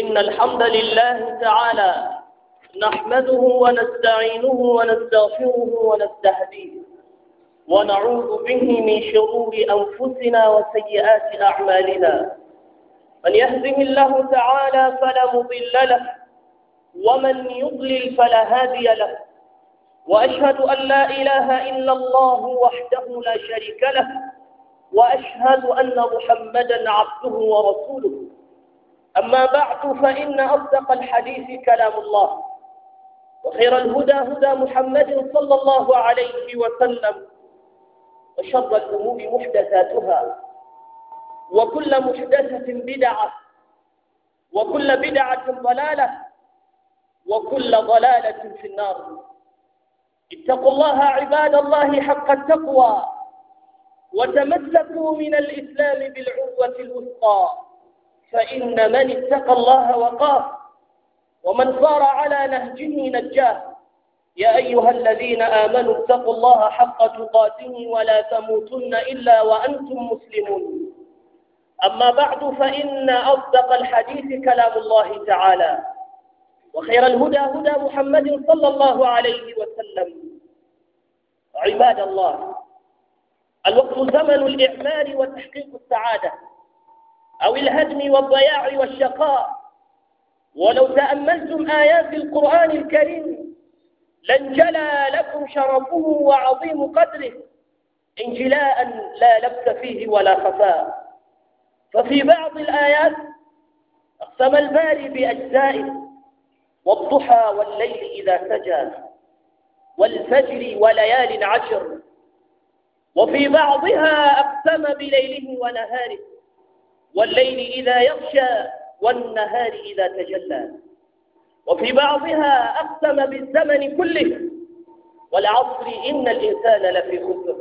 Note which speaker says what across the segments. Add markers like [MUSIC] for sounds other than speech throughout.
Speaker 1: إن الحمد لله تعالى نحمده ونستعينه ونستغفره ونستهديه ونعوذ به من شرور أنفسنا وسيئات أعمالنا من يهده الله تعالى فلا مضل له ومن يضلل فلا هادي له وأشهد أن لا إله إلا الله وحده لا شريك له وأشهد أن محمدا عبده ورسوله أما بعد فإن أصدق الحديث كلام الله وخير الهدى هدى محمد صلى الله عليه وسلم وشر الأمور محدثاتها وكل محدثة بدعة وكل بدعة ضلالة وكل ضلالة في النار اتقوا الله عباد الله حق التقوى وتمسكوا من الإسلام بالعروة الوثقى فإن من اتقى الله وقاه ومن صار على نهجه نجاه يا أيها الذين آمنوا اتقوا الله حق تقاته ولا تموتن إلا وأنتم مسلمون أما بعد فإن أصدق الحديث كلام الله تعالى وخير الهدى هدى محمد صلى الله عليه وسلم عباد الله الوقت زمن الإعمال وتحقيق السعادة أو الهدم والضياع والشقاء ولو تأملتم آيات القرآن الكريم لانجلى لكم شرفه وعظيم قدره انجلاء لا لبس فيه ولا خفاء ففي بعض الآيات أقسم الباري بأجزائه والضحى والليل إذا سجى والفجر وليال عشر وفي بعضها أقسم بليله ونهاره والليل إذا يغشى والنهار إذا تجلى وفي بعضها أقسم بالزمن كله والعصر إن الإنسان لفي خسر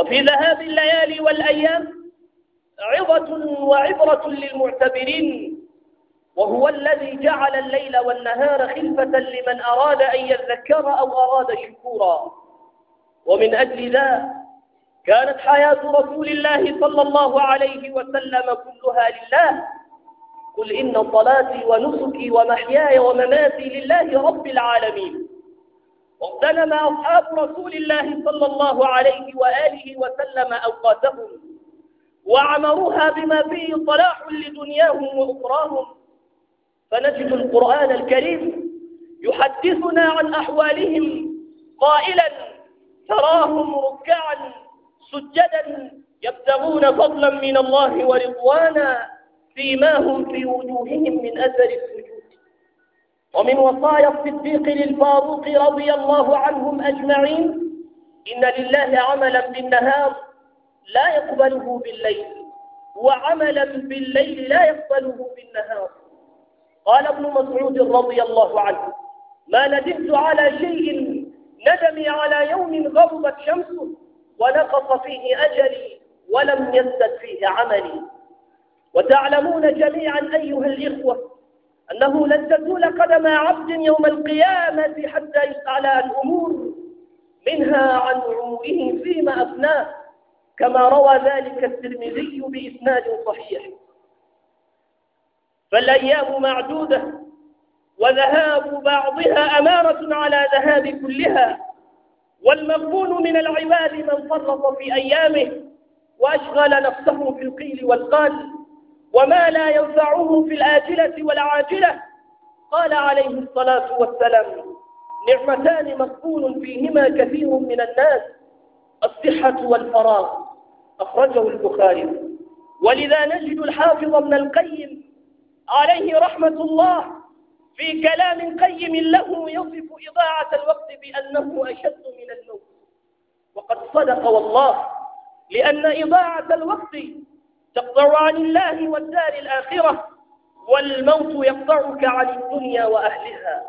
Speaker 1: وفي ذهاب الليالي والأيام عظة وعبرة للمعتبرين وهو الذي جعل الليل والنهار خلفة لمن أراد أن يذكر أو أراد شكورا ومن أجل ذا كانت حياة رسول الله صلى الله عليه وسلم كلها لله قل إن صلاتي ونسكي ومحياي ومماتي لله رب العالمين واغتنم أصحاب رسول الله صلى الله عليه وآله وسلم أوقاتهم وعمروها بما فيه صلاح لدنياهم وأخراهم فنجد القرآن الكريم يحدثنا عن أحوالهم قائلا تراهم ركعا سجدا يبتغون فضلا من الله ورضوانا فيما هم في وجوههم من أثر السجود ومن وصايا الصديق للفاروق رضي الله عنهم أجمعين إن لله عملا بالنهار لا يقبله بالليل وعملا بالليل لا يقبله بالنهار قال ابن مسعود رضي الله عنه ما ندمت على شيء ندمي على يوم غربت شمسه ونقص فيه أجلي ولم يزدد فيه عملي وتعلمون جميعا أيها الإخوة أنه لن تزول قدم عبد يوم القيامة حتى يسأل عن أمور منها عن عمره فيما أفناه كما روى ذلك الترمذي بإسناد صحيح فالأيام معدودة وذهاب بعضها أمارة على ذهاب كلها والمغفول من العباد من فرط في أيامه وأشغل نفسه في القيل والقال وما لا ينفعه في الآجلة والعاجلة قال عليه الصلاة والسلام نعمتان مغفول فيهما كثير من الناس الصحة والفراغ أخرجه البخاري ولذا نجد الحافظ ابن القيم عليه رحمة الله في كلام قيم له يصف إضاعة الوقت بأنه أشد من النوم وقد صدق والله لأن إضاعة الوقت تقطع عن الله والدار الآخرة والموت يقطعك عن الدنيا وأهلها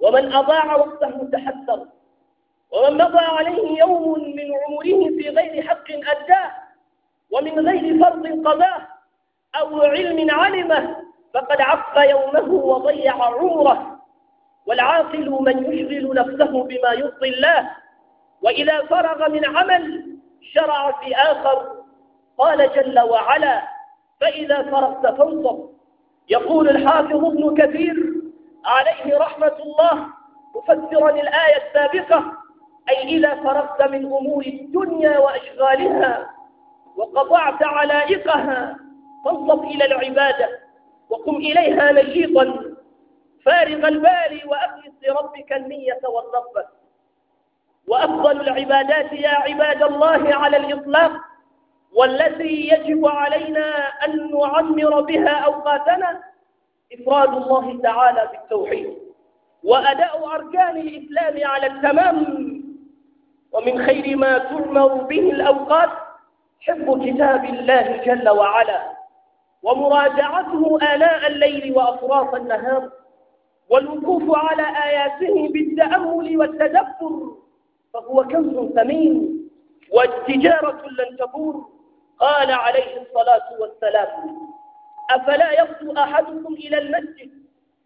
Speaker 1: ومن أضاع وقته تحسر ومن مضى عليه يوم من عمره في غير حق أداه ومن غير فرض قضاه أو علم علمه فقد عف يومه وضيع عمره والعاقل من يشغل نفسه بما يرضي الله وإذا فرغ من عمل شرع في آخر قال جل وعلا فإذا فرغت فانصب يقول الحافظ ابن كثير عليه رحمة الله مفسرا الآية السابقة أي إذا فرغت من أمور الدنيا وأشغالها وقطعت علائقها فانصب إلى العبادة وقم إليها نشيطا فارغ البال وأخلص لربك النية والرغبة وأفضل العبادات يا عباد الله على الإطلاق والتي يجب علينا أن نعمر بها أوقاتنا إفراد الله تعالى بالتوحيد وأداء أركان الإسلام على التمام ومن خير ما تعمر به الأوقات حفظ كتاب الله جل وعلا ومراجعته آلاء الليل وأطراف النهار والوقوف على آياته بالتأمل والتدبر فهو كنز ثمين والتجارة لن تبور قال عليه الصلاة والسلام أفلا يصل أحدكم إلى المسجد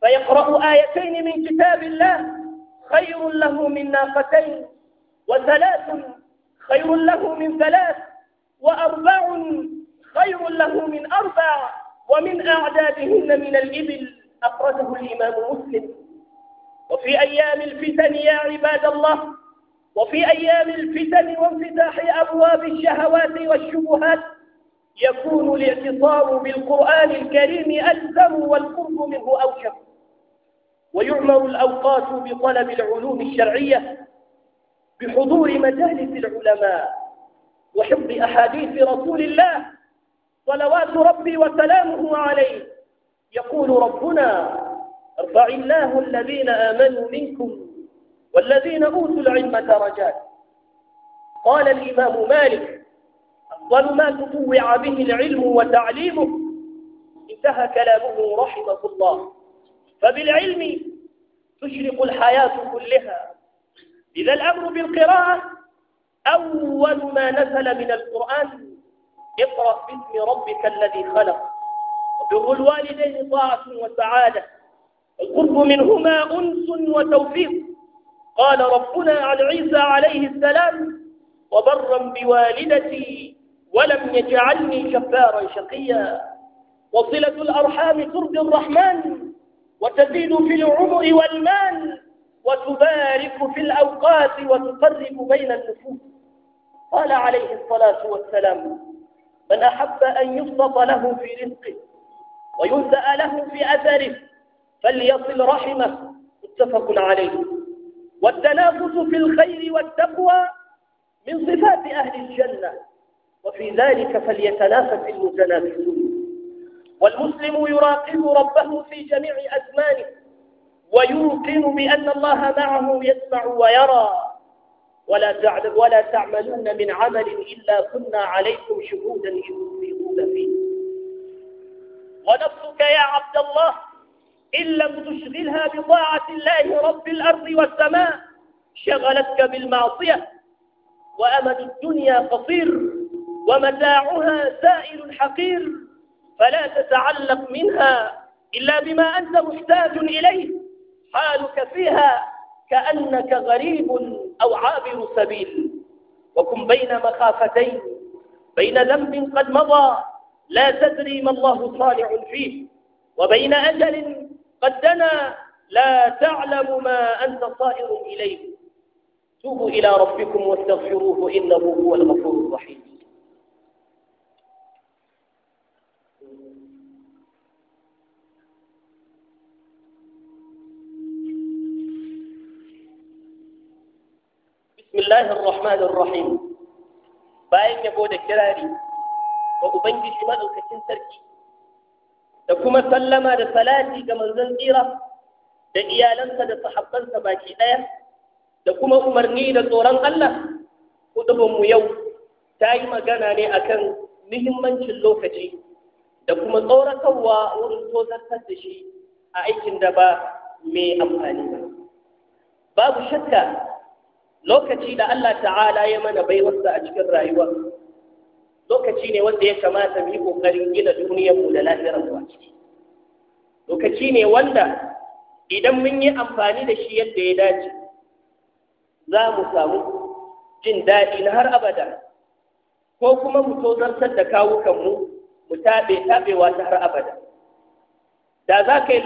Speaker 1: فيقرأ آيتين من كتاب الله خير له من ناقتين وثلاث خير له من ثلاث وأربع له من أربع ومن أعدادهن من الإبل أخرجه الإمام مسلم وفي أيام الفتن يا عباد الله وفي أيام الفتن وانفتاح أبواب الشهوات والشبهات يكون الاعتصام بالقرآن الكريم ألزم والقرب منه أوشك ويعمر الأوقات بطلب العلوم الشرعية بحضور مجالس العلماء وحفظ أحاديث رسول الله صلوات ربي وسلامه عليه يقول ربنا ارفع الله الذين آمنوا منكم والذين أوتوا العلم درجات قال الإمام مالك أفضل ما تطوع به العلم وتعليمه انتهى كلامه رحمه الله فبالعلم تشرق الحياة كلها إذا الأمر بالقراءة أول ما نزل من القرآن اقرأ باسم ربك الذي خلق وبر الوالدين طاعة وسعادة القرب منهما أنس وتوفيق قال ربنا عن عيسى عليه السلام وبرا بوالدتي ولم يجعلني جبارا شقيا وصلة الأرحام ترضي الرحمن وتزيد في العمر والمال وتبارك في الأوقات وتقرب بين النفوس قال عليه الصلاة والسلام من أحب أن يبسط له في رزقه وينسأ له في أثره فليصل رحمه متفق عليه والتنافس في الخير والتقوى من صفات أهل الجنة وفي ذلك فليتنافس المتنافسون والمسلم يراقب ربه في جميع أزمانه ويوقن بأن الله معه يسمع ويرى ولا تعلم ولا تعملون من عمل إلا كنا عليكم شهودا إذ تفيضون فيه ونفسك يا عبد الله إن لم تشغلها بطاعة الله رب الأرض والسماء شغلتك بالمعصية وأمد الدنيا قصير ومتاعها سائل حقير فلا تتعلق منها إلا بما أنت محتاج إليه حالك فيها كأنك غريب أو عابر سبيل وكن بين مخافتين بين ذنب قد مضى لا تدري ما الله صانع فيه وبين أجل قد دنا لا تعلم ما أنت صائر إليه توبوا إلى ربكم واستغفروه إنه هو الغفور الرحيم bismillahir rahmanir rahim bayan yabo da kirari ga ubangiji maɗaukacin sarki da kuma sallama da salati ga manzon tsira da iyalansa da sahabbansa baki ɗaya da kuma umarni da tsoron Allah mu yau ta yi magana ne akan muhimmancin lokaci da kuma tsoratarwa wurin tozartar da shi a aikin da ba mai amfani ba babu shakka lokaci da Allah ta'ala ya mana baiwarsa a cikin rayuwa lokaci ne wanda ya kamata mu yi kokarin gina duniyarmu da lafiyar mu a ciki lokaci ne wanda idan mun yi amfani da shi yadda ya dace za mu samu jin daɗi na har abada ko kuma mu tozartar da kawukan mu taɓe taɓewa ta har abada da za ka yi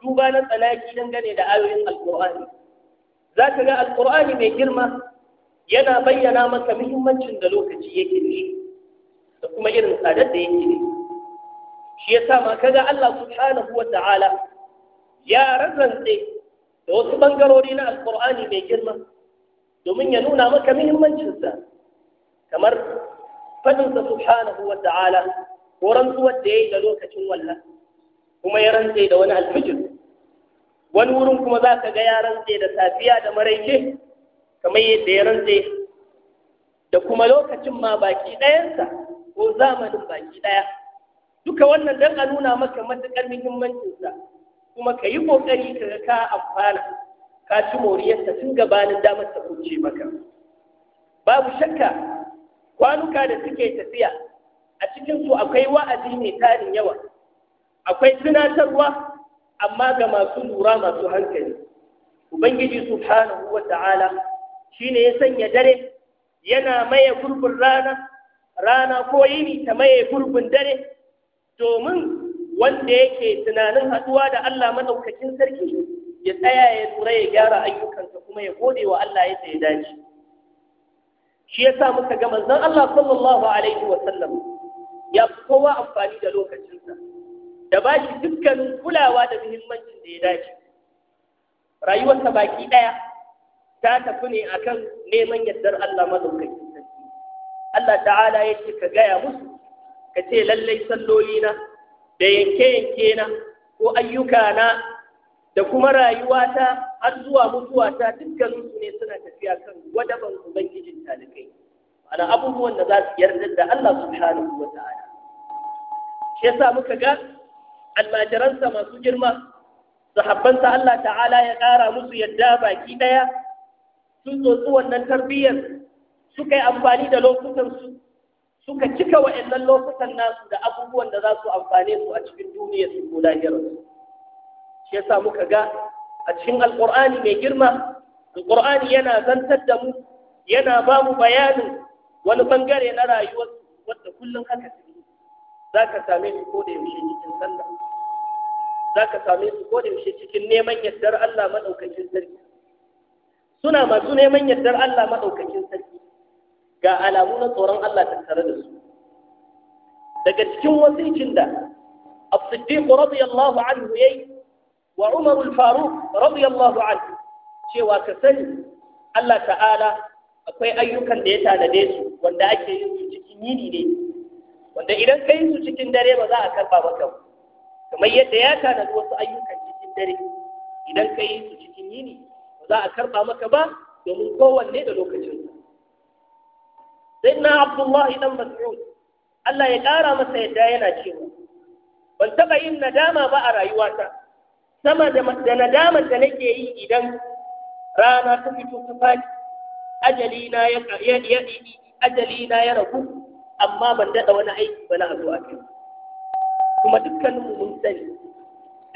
Speaker 1: duba na tsanaki dangane da ayoyin alkur'ani za ka ga alƙur'ani mai girma yana bayyana maka muhimmancin da lokaci yake ne da kuma irin tsadar da yake ne shi ya sa ma kaga Allah subhanahu wa ta'ala ya razance da wasu bangarori na alƙur'ani mai girma domin ya nuna maka muhimmancinsa kamar faɗinsa subhanahu wa ta'ala ko rantsuwar da ya yi da lokacin wallah kuma ya rantse da wani alfijir wani wurin kuma za ka ga yaran rantse da safiya da maraice kamar yadda ya rantse da kuma lokacin ma baki ɗayansa ko zamanin baki ɗaya duka wannan don a nuna maka matuƙar muhimmancinsa kuma ka yi ƙoƙari ka ka amfana ka ci moriyarsa tun gabanin damar ta kuce maka babu shakka kwanuka da suke tafiya a cikinsu akwai wa'azi mai tarin yawa akwai tunatarwa amma ga masu lura masu hankali ubangiji subhanahu wa ta'ala shine ya sanya dare yana maye gurbin rana rana ko yini ta maye gurbin dare domin wanda yake tunanin haɗuwa da Allah madaukakin sarki ya tsaya ya tsura ya gyara ayyukansa kuma ya gode wa Allah ya tsaye dace shi yasa muka ga manzon Allah sallallahu alaihi wa sallam ya kowa amfani da lokacinsa da ba shi dukkanin kulawa da muhimmanci da ya dace rayuwarsa baki ɗaya ta tafi ne akan neman yardar Allah madaukakin sarki Allah ta'ala ya ce ka gaya musu ka ce lallai sallolina da yanke-yanke na ko ayyuka na da kuma rayuwata har zuwa mutuwata su ne suna tafiya kan ban ubangijin talibai ana abubuwan da za su yarda da Allah subhanahu wa ta'ala shi yasa muka ga almajiransa masu girma sahabbansa Allah ta'ala ya ƙara musu yadda baki ɗaya sun tsotsi wannan tarbiyyar suka yi amfani da lokutansu suka cika wa'annan lokutan nasu da abubuwan da za su amfane su a cikin duniyar su ko lahirarsu shi yasa muka ga a cikin alƙur'ani mai girma alƙur'ani yana zantar da mu yana ba mu bayanin wani bangare na rayuwarsu wadda kullum haka su za ka same su ko da yaushe cikin sallah za ka same su ko da yaushe cikin neman yardar Allah maɗaukakin sarki suna masu neman yardar Allah maɗaukakin sarki ga alamu na tsoron Allah tattare da su daga cikin wasikin da Abdullahi radiyallahu anhu عنه يي وعمر الفاروق رضي radiyallahu anhu cewa ka sani Allah ta'ala akwai ayyukan da ya tanade su wanda ake yin su cikin yini ne wanda idan ka yi su cikin dare ba za a karba maka ba kamar yadda ya tanadi wasu ayyukan cikin dare idan ka yi su cikin yini ba za a karɓa maka ba domin kowanne da lokacin lokacinsa sai na abdullahi dan mas'ud Allah ya ƙara masa yadda yana cewa ban taɓa yin nadama ba a rayuwata sama da nadamar da nake yi idan rana ta fito ta fadi ajali na ya ajali na ya ragu amma ban daɗa wani aiki ba na a zuwa kai kuma mu mun sani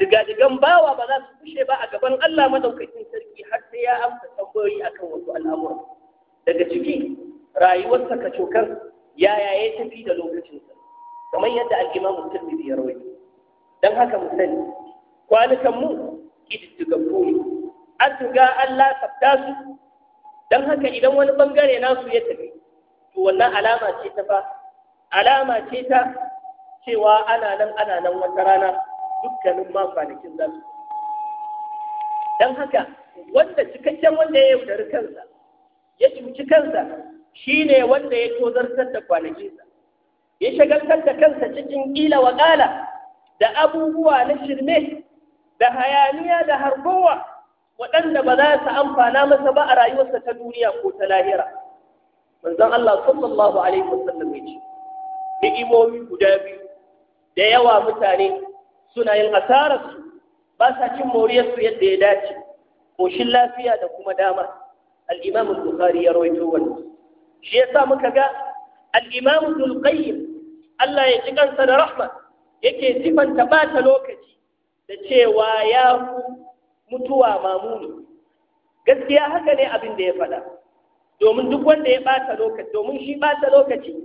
Speaker 1: digan bawa ba za su kushe ba a gaban Allah madaukakin sarki har sai ya amsa tambayoyi akan wasu al'amura daga ciki rayuwarsa ka cokar yaya ya tafi da lokacinsa kamar yadda al'imamu tirmidhi ya rawaito dan haka mu sani kwanukan mu kididdigaggu ne an riga Allah sabta su dan haka idan wani bangare nasu ya tafi to wannan alama ce ta fa alama ce ta cewa ana nan ana nan wata rana dukkanin ma kwanakin zasu dan haka wanda cikakken wanda ya yaudari kansa ya cuci kansa shi ne wanda ya tozartar da kwanakinsa ya shagaltar da kansa cikin ƙila wa ƙala da abubuwa na shirme da hayaniya da harkowa waɗanda ba za su amfana masa ba a rayuwarsa ta duniya ko ta lahira manzon Allah sallallahu alaihi wasallam ya ce imomi guda biyu da yawa mutane suna yin asararsu ba sa cin moriyarsu yadda ya dace ƙoshin lafiya da kuma dama al'imam al-bukhari ya rawaito wani. shi ya sa muka ga al-imam Allah ya ji kansa da rahma yake sifanta bata lokaci da cewa ya ku mutuwa mamuni gaskiya haka ne abin da ya faɗa domin duk wanda ya bata lokaci domin shi bata lokaci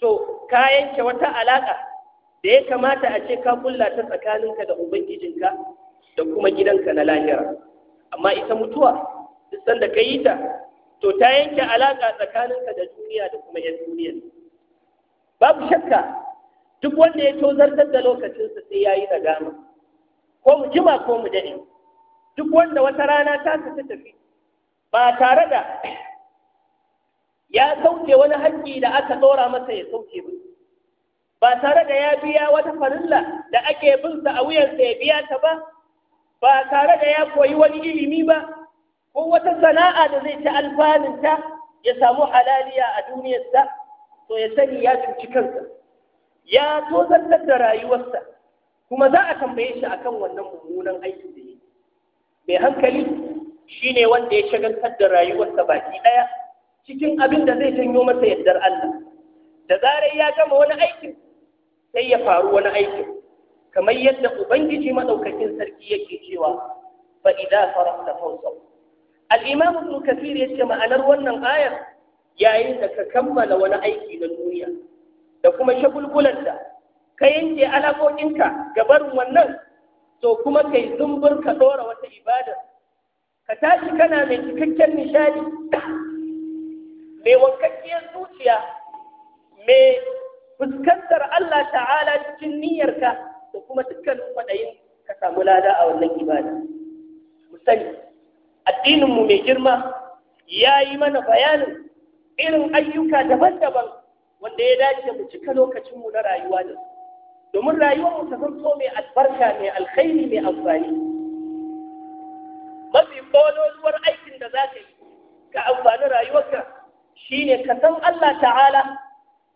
Speaker 1: to ka yanke wata alaƙa da ya kamata a ce ka kulla ta tsakaninka da ubangijinka da kuma gidanka na lahira amma ita mutuwa duk sanda ka yi ta to ta yanke alaƙa tsakaninka da duniya da kuma yan duniya babu shakka duk wanda ya tozar da lokacinsa sai ya yi nadama ko mu jima ko mu dade, duk wanda wata rana ta ta tafi ba tare da ya sauke wani haƙƙi da aka ɗora masa ya sauke ba ba tare da ya biya wata farilla da ake bin sa a sa ya biya ta ba ba tare da ya koyi wani ilimi ba ko wata sana'a da zai ci ta ya samu halaliya a duniyarsa to ya sani ya cuci kansa ya tozartar da rayuwarsa kuma za a tambaye shi akan wannan mummunan aikin da ya mai hankali shine wanda ya shagaltar da rayuwarsa baki ɗaya cikin abin da zai janyo masa yardar Allah da zarar ya gama wani aikin sai ya faru wani aikin kamar yadda ubangiji madaukakin sarki yake cewa fa idza farasta fawsaw al-imam ibn kathir yace ma'anar wannan ayar yayin da ka kammala wani aiki na duniya da kuma shagulgulan ka yanke alaƙoƙinka ga barin wannan to kuma kai zumbur ka ɗora wata ibada ka tashi kana mai cikakken nishadi mai wankakkiyar zuciya mai fuskantar Allah ta'ala cikin niyyarka da kuma dukkanin kwaɗayin ka samu lada a wannan ibada mu sani addininmu mai girma ya yi mana bayanin irin ayyuka daban-daban wanda ya dace mu cika lokacinmu na rayuwa da domin rayuwarmu ta zanto mai albarka mai alkhairi mai amfani mafi kololuwar aikin da za ka yi ka amfani rayuwarka shine ka san Allah ta'ala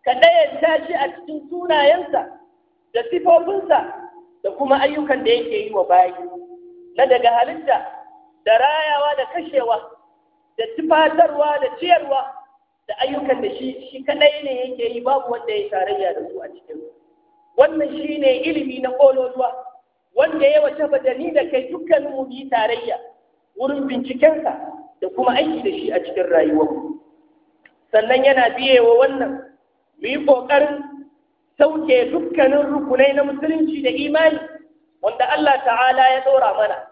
Speaker 1: ka ɗayanta shi a cikin sunayensa da sifofinsa da kuma ayyukan da yake yi wa bayi na daga halitta da rayawa da kashewa da tufatarwa da ciyarwa da ayyukan da shi shi kadai ne yake yi babu wanda ya tarayya da su a cikin wannan shi ne ilimi na kololuwa wanda ya wace da ni da kai dukkan mu yi tarayya wurin bincikensa da kuma aiki da shi a cikin rayuwar sannan yana biye wa wannan mu yi ƙoƙarin sauke dukkanin rukunai na musulunci da imani wanda Allah ta'ala ya ɗora mana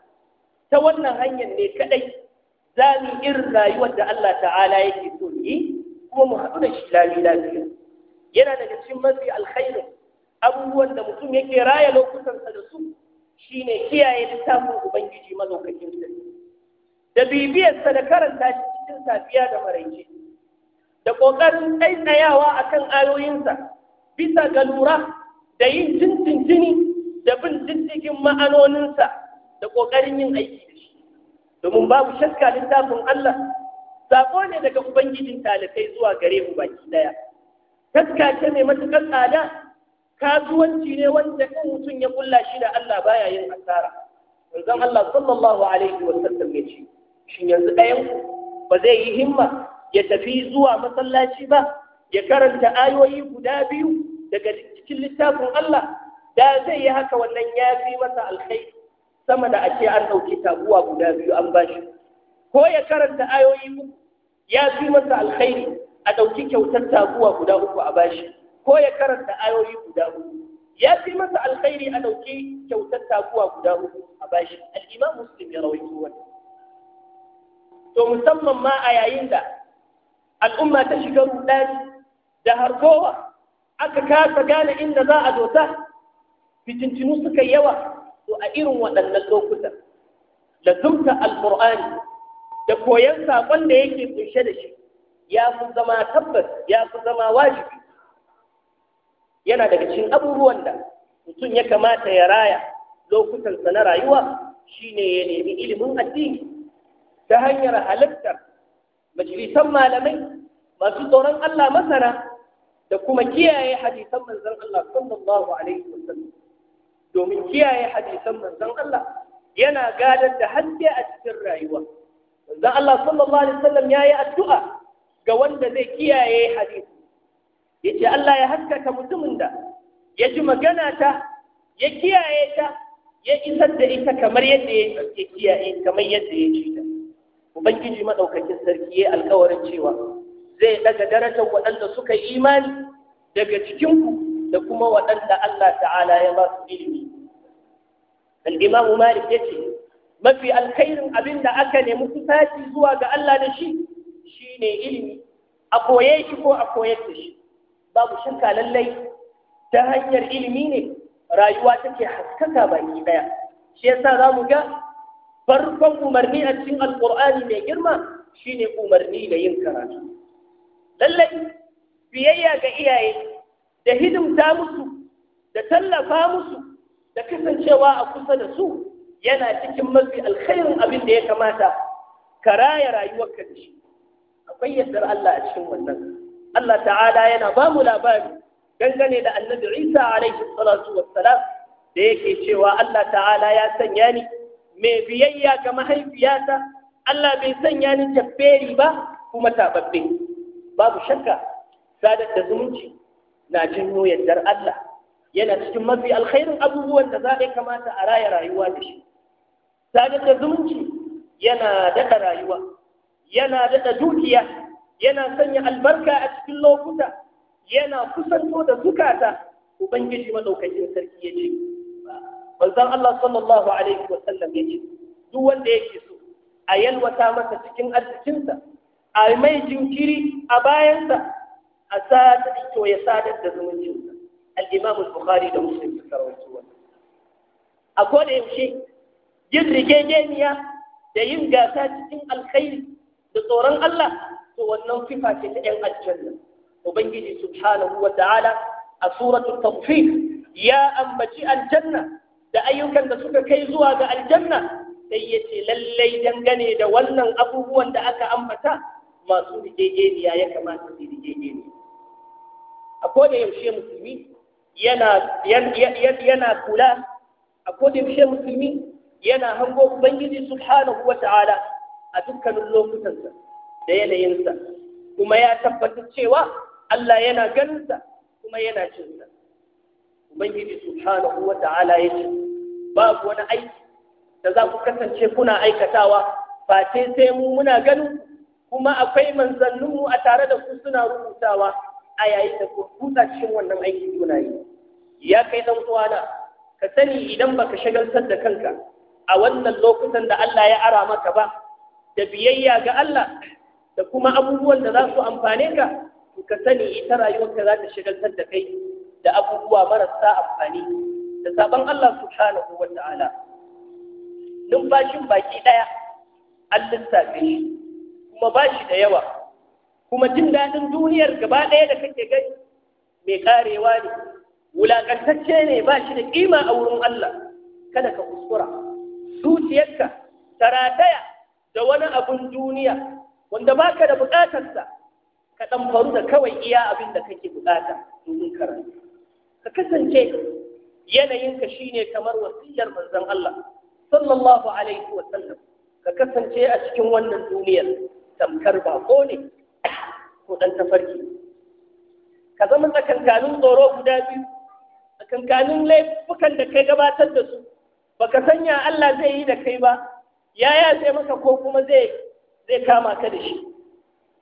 Speaker 1: ta wannan hanyar ne kaɗai za mu irin rayuwar da Allah ta'ala yake so yi kuma mu haɗu da shi lafiya yana daga cikin mafi alkhairin abubuwan da mutum yake raya lokutansa da su shine kiyaye littafin ubangiji madaukakin sarki da bibiyarsa da karanta cikin safiya da maraice da ƙoƙarin tsayawa a kan ayoyinsa bisa ga lura da yin jini da bin ma'anoninsa da ƙoƙarin yin aiki da shi domin babu shakka littafin Allah saƙo ne daga Ubangijin talakai zuwa gare mu baki ɗaya taska ce mai matuƙar tsada kasuwanci ne wanda in mutum ya kulla shi da Allah baya yin asara manzon Allah sallallahu alaihi wa sallam ya ce shin yanzu ɗayan ku ba zai yi himma ya tafi zuwa masallaci ba ya karanta ayoyi guda biyu daga cikin littafin Allah da zai yi haka wannan ya fi masa alkhairi sama da ake an ɗauki tabuwa guda biyu an bashi ko ya karanta ayoyi uku ya fi masa alkhairi a ɗauki kyautar tabuwa guda uku a bashi ko ya karanta ayoyi guda uku ya fi masa alkhairi a ɗauki kyautar tabuwa guda uku a bashi al'imam muslim ya rawaito wannan to musamman ma a yayin da al'umma ta shiga rudani da harkowa aka kasa gane inda za a dota fitintinu suka yawa to a irin waɗannan lokuta al alƙur'ani da koyon saƙon da yake kunshe da shi ya fi zama tabbas ya fi zama wajibi yana daga cikin abubuwan da mutum ya kamata ya raya lokutansa na rayuwa shine ya nemi ilimin addini ta hanyar halittar majalisan malamai masu tsoron Allah masana da kuma kiyaye hadisan manzon Allah sallallahu alaihi wasallam domin kiyaye hadisan manzon Allah yana gadar da haske a cikin rayuwa manzon Allah sallallahu alaihi wasallam yayi addu'a ga wanda zai kiyaye hadisi yace Allah ya haskaka mutumin da ya ji magana ta ya kiyaye ta ya isar da ita kamar yadda ya kiyaye kamar yadda ya ci ta ubangiji madaukakin sarki ya alƙawarin cewa zai daga darajar waɗanda suka yi imani daga cikinku da kuma waɗanda Allah ta'ala ya ba su ilimi al-imam malik yace mafi abin abinda aka nemi kusaci zuwa ga Allah da shi ne ilimi a koye shi ko a koyar da shi babu shakka lallai ta hanyar ilimi ne rayuwa take haskaka baki ɗaya shi yasa zamu ga farkon umarni a cikin Alƙur'ani mai girma shine umarni da yin karatu lallai biyayya ga iyaye da hidimta musu da tallafa musu da kasancewa a kusa da su yana cikin mafi alkhairin abin da ya kamata ka raya rayuwarka da shi akwai yardar Allah a cikin wannan Allah ta'ala yana ba mu labari dangane da annabi Isa alaihi salatu wassalam da yake cewa Allah ta'ala ya sanya ni mai biyayya ga mahaifiyata Allah bai sanya ni jabberi ba kuma tababbe babu shakka sadar da zumunci na jin yardar Allah yana cikin mafi alkhairin abubuwan da za a kamata a raya rayuwa da shi sadar da zumunci yana daɗa rayuwa yana daɗa dukiya yana sanya albarka a cikin lokuta yana kusanto da zukata ubangiji madaukakin sarki ya ce manzon Allah sallallahu alaihi wa sallam ya ce duk wanda yake so a yalwata masa cikin arzikinsa a mai jinkiri a bayansa a sadar to ya sadar da zumuncinsa al-imam al-bukhari da muslim suka rawaito wannan a koda yaushe yin rigegeniya da yin gasa cikin alkhairi da tsoron Allah to wannan sifa ce ta yan aljanna ubangiji subhanahu wa ta'ala a suratul tawfiq ya ambaci aljanna da ayyukan da suka kai zuwa ga aljanna sai ya ce lallai dangane da wannan abubuwan da aka ambata masu rijejeniya ya kamata su rijejeniya. a kodin yaushe musulmi yana kula a kodin yaushe musulmi yana hango ubangiji subhanahu wa ta'ala a dukkanin lokutansa da yanayinsa kuma ya tabbatar cewa Allah yana ganinsa kuma yana cinsa ubangiji subhanahu wa ta'ala ya ce ku wani aiki da za ku kasance kuna aikatawa face sai mu muna ganin kuma akwai manzanninmu a tare da ku suna rubutawa a yayin da ku cikin wannan aiki kuna yi ya kai dan uwana ka sani idan baka shagaltar da kanka a wannan lokutan da Allah ya ara maka ba da biyayya ga Allah da kuma abubuwan da za su amfane ka ka sani ita rayuwarka za ta shagaltar da kai da abubuwa marasa amfani da sabon Allah subhanahu wa ta'ala numfashin baki ɗaya. an lissafe shi kuma ba shi da yawa kuma jin daɗin duniyar gaba ɗaya da kake gani mai karewa ne wulaƙantacce ne ba shi da ƙima a wurin Allah kada ka kuskura zuciyarka ta rataya da wani abun duniya wanda baka da buƙatarsa ka ɗan faru da kawai iya abin da kake buƙata domin karanta ka kasance yanayinka shine kamar wasiyar manzon Allah sallallahu alaihi wa sallam ka kasance a cikin wannan duniyar tamkar bako ne [COUGHS] ko ɗan tafarki ka zama tsakankanin tsoro guda biyu tsakankanin laifukan da kai gabatar da su baka sanya Allah zai yi da kai ba yaya zai maka ko kuma zai zai kama ka da shi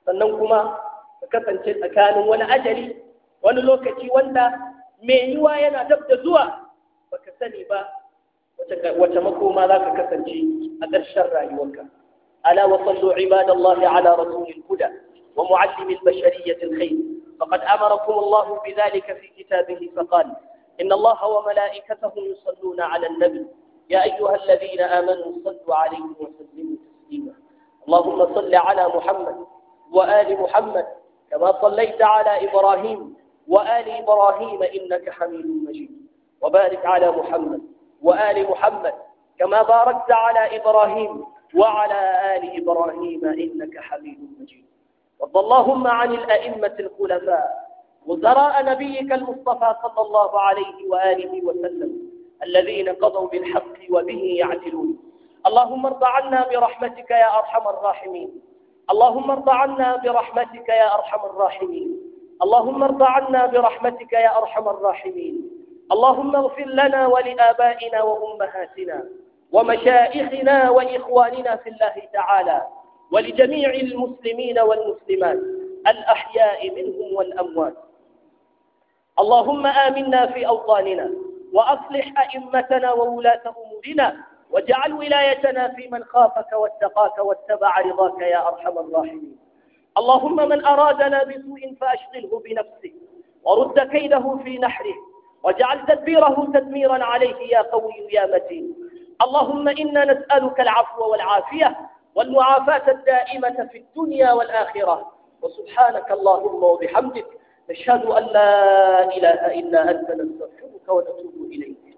Speaker 1: sannan kuma ka kasance tsakanin wani ajali wani lokaci wanda mai yiwa yana dab da zuwa baka sani ba wace makoma za ka kasance a ƙarshen rayuwarka ألا وصلوا عباد الله على رسول الهدى ومعلم البشرية الخير فقد أمركم الله بذلك في كتابه فقال إن الله وملائكته يصلون على النبي يا أيها الذين آمنوا صلوا عليه وسلموا تسليما اللهم صل على محمد وآل محمد كما صليت على إبراهيم وآل إبراهيم إنك حميد مجيد وبارك على محمد وآل محمد كما باركت على إبراهيم وعلى آل إبراهيم إنك حميد مجيد وارض اللهم عن الأئمة الخلفاء وزراء نبيك المصطفى صلى الله عليه وآله وسلم الذين قضوا بالحق وبه يعدلون اللهم ارض عنا برحمتك يا أرحم الراحمين اللهم ارض عنا برحمتك يا أرحم الراحمين اللهم ارض عنا برحمتك يا أرحم الراحمين اللهم اغفر لنا ولآبائنا وأمهاتنا ومشائخنا وإخواننا في الله تعالى ولجميع المسلمين والمسلمات الأحياء منهم والأموات اللهم آمنا في أوطاننا وأصلح أئمتنا وولاة أمورنا واجعل ولايتنا في من خافك واتقاك واتبع رضاك يا أرحم الراحمين اللهم من أرادنا بسوء فأشغله بنفسه ورد كيده في نحره واجعل تدبيره تدميرا عليه يا قوي يا متين اللهم إنا نسألك العفو والعافية والمعافاة الدائمة في الدنيا والآخرة وسبحانك اللهم وبحمدك نشهد أن لا إله إلا أنت نستغفرك ونتوب إليك